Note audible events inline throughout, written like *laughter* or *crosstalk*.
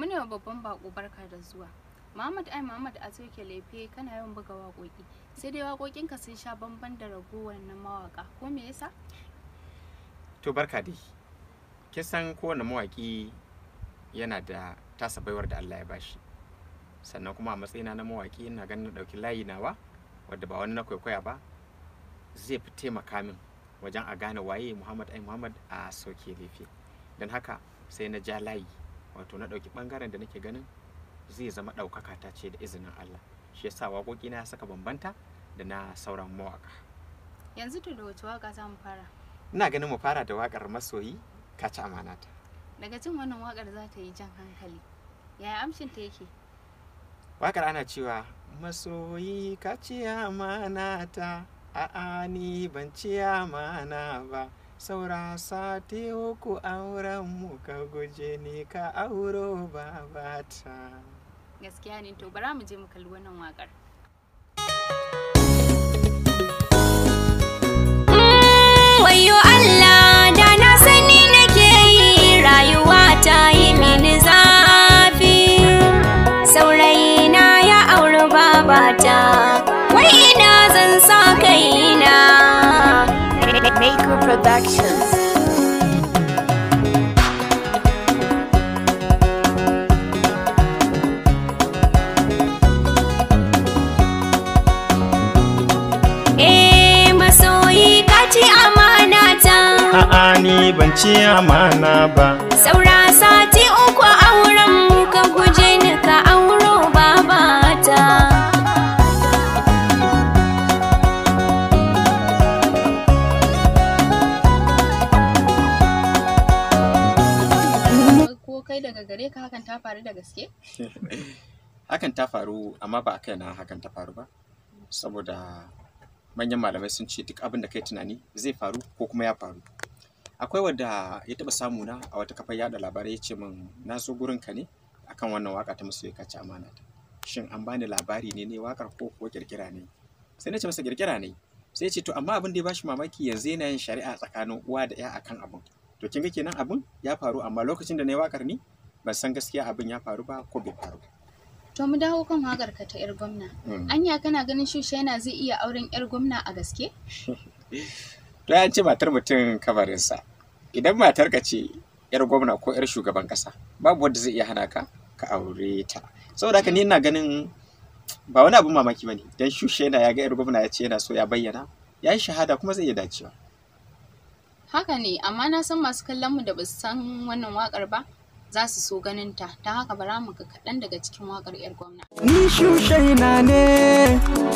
muna babban bako barka da zuwa Muhammad ai Muhammad a soke lefe kana yawan buga wakoki sai dai ka sun sha bamban da ragowar na mawaƙa ko me yasa to barka dai kin san kowane mawaƙi yana da tasa baiwar da Allah ya bashi sannan kuma a matsayina na mawaƙi ina ganin na ɗauki layi nawa wadda ba wani na kwaikwaya ba zai fi taimaka min wajen a gane waye Muhammad ai Muhammad a soke lefe don haka sai na ja layi wato na ɗauki ɓangaren da nake ganin zai zama ɗaukaka ta ce da izinin Allah shi yasa waƙoƙi na saka bambanta da na sauran mawaƙa yanzu to da wace waƙa za mu fara ina ganin mu fara da waƙar masoyi ka ci daga jin wannan waƙar za ta yi jan hankali yaya amshin ta yake waƙar ana cewa masoyi ka ci a'a ni ban ciya mana ba saura sati uku auren mu ka guje ni ka auro babata gaskiya ne to bara mu je mu kalli wannan wakar wayo Allah da na sani nake yi rayuwa ta yi mini zafi saurayi na ya auri babata Maker Productions. Eh, A'a ni ban ci amana ba. Saura sati daga gare ka hakan ta faru da gaske? *laughs* hakan ta faru amma ba a kai na hakan ta faru ba saboda manyan malamai sun ce duk abin da kai tunani zai faru ko kuma ya faru akwai wadda ya taba samu na a wata kafar yada labarai ya ce min na zo gurin ka ne akan wannan waka ta musu ya kaci amana ta shin an bani labari ne ne wakar ko kuwa kirkira ne sai na ce masa kirkira ne sai ya ce to amma abin da ya bashi mamaki yanzu yana yin shari'a tsakanin uwa da ya akan abin to kin ga kenan abin ya faru amma lokacin da na yi wakar ni ban san gaskiya abin ya faru ba ko bai faru to mu dawo kan wagar ta yar gwamna hmm. anya kana ganin yana zai iya auren yar gwamna a gaske *laughs* to ya ce matar mutum sa, idan matar ka ce yar gwamna ko yar shugaban kasa babu wanda zai iya hana ka ka aure ta saboda haka ni ina ganin ba wani abin mamaki bane dan yana ya ga yar gwamna ya ce yana so ya bayyana ya yi shahada kuma zai iya dacewa haka ne amma na san masu kallon mu da ba san wannan wakar ba za su so ganin ta ta haka bara mu ga kaɗan daga cikin waƙar 'yar gwamna. Ni shushaina ne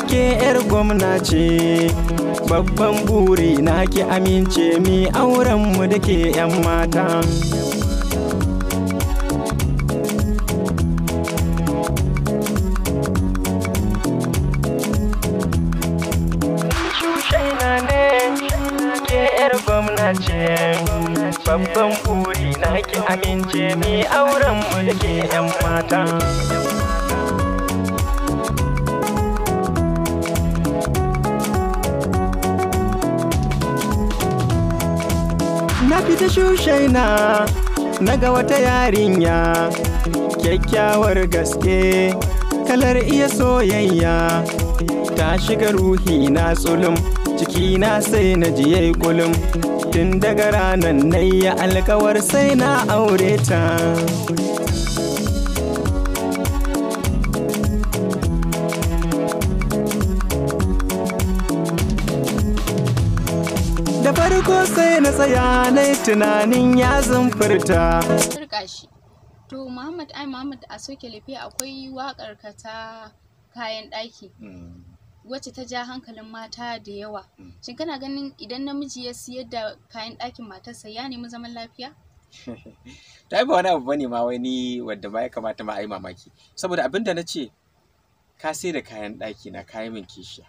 ke 'yar gwamna ce babban buri na ki amince mi auren mu da ke 'yan mata. gwamna ce babban buri na ki amince ni auren mulki yan mata Na fita shushaina na ga wata yarinya kyakkyawar gaske kalar iya soyayya ta shiga ruhi na tsulum ciki na sai na jiye kulum tun daga ranar na ya alkawar sai na aure ta da farko sai na tsaya na tunanin ya furta to muhammad ai muhammad a soke lafiya akwai waƙar ta kayan ɗaki hmm. wacce ta ja hankalin mata da yawa mm. shin kana ganin idan namiji ya siyar da kayan ɗakin matarsa ya nemi zaman lafiya *laughs* ta ba wani abu bane ma wani wadda ba ya kamata ma a yi mamaki saboda abin da na ce ka sai da kayan ɗaki na kayan min kishiya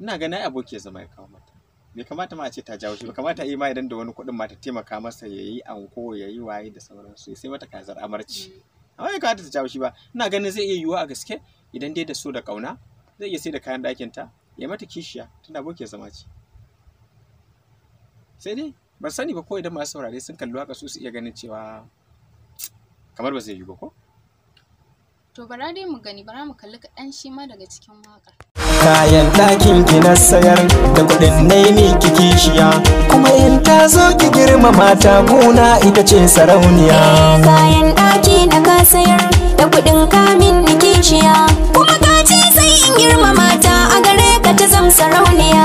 ina ganin aboki ya zama ya kawo mata bai kamata ma a ce ta jawo shi ba kamata a yi ma idan da wani kuɗin mata taimaka masa ya yi anko ya yi waye da sauransu sai mata kazar amarci mm. amma bai kamata ta jawo shi ba ina ganin zai iya yiwuwa a gaske idan dai da so da ƙauna zai iya sai da kayan ɗakin ta ya mata kishiya tana boke zama ce sai dai ban sani ba ko idan masu saurare sun kalli waka su su iya ganin cewa kamar ba zai yi ba ko to bara dai mu gani bara mu kalli kaɗan shi ma daga cikin waka kayan ɗakin ki na sayar da kuɗin nai ni ki kishiya kuma in ta zo ki girma mata ita ce sarauniya eh, kayan ɗaki na ka sayar da kuɗin kamin ni kishiya kuma in girmama ta a gare ka ta zam sarauniya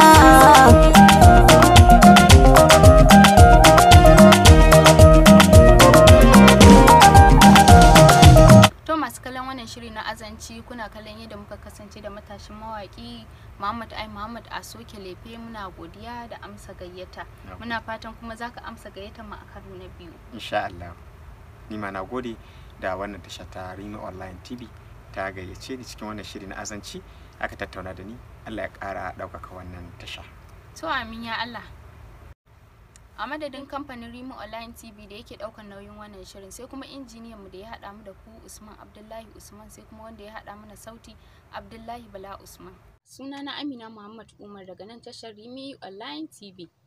to masu kallon wannan shiri na azanci kuna kallon yadda muka kasance da matashin mawaki Muhammad ai Muhammad a soke lefe muna godiya da amsa gayyata muna fatan kuma zaka amsa gayyata mu a karo na biyu insha Allah ni ma na gode da wannan tasha ta Rima Online TV ta gayyace ni cikin wannan shiri na azanci aka tattauna da ni Allah ya ƙara ɗaukaka wannan tasha. To amin ya Allah. A madadin kamfanin Rimo Online TV da yake ɗaukar nauyin wannan shirin sai kuma injiniyan mu da ya haɗa mu da ku Usman Abdullahi Usman sai kuma wanda ya haɗa mana sauti Abdullahi Bala Usman. Sunana Amina Muhammad Umar daga nan tashar Rimi Online TV.